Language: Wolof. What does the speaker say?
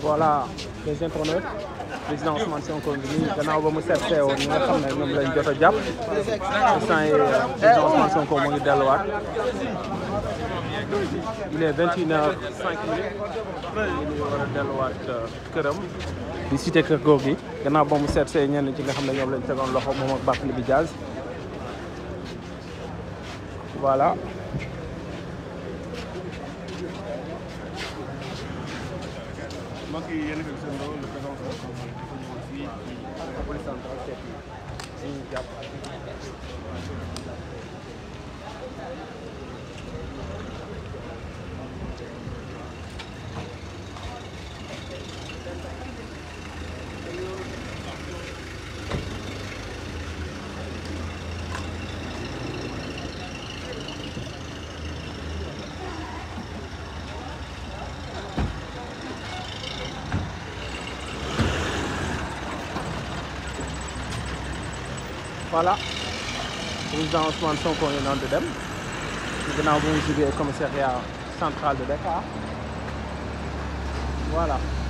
voilà les internautes président Ousmane Sonko ngi nii gannaaw ba mu seet woon ñi nga xam ne ñoom lañ jot a jàpp instant yi président Ousmane Sonko mu ngi delluwaat il est vingt et une heures cinq minutes ñu war a delluwaat euh, këram di cité kër góor gi ba mu seet e ñenn ci nga xam ne ñoom lañ tegoon loxo moom ak Barthélémy Diaz voilà mbokk yi yéen a ngi seen loolu le président de la commune fii ci police centrale seet yi ñu jàpp ak voilà président Ousmane Sonko ngi noonu di dem ginnaaw bu mu jugee commissariat central de Dakar voilà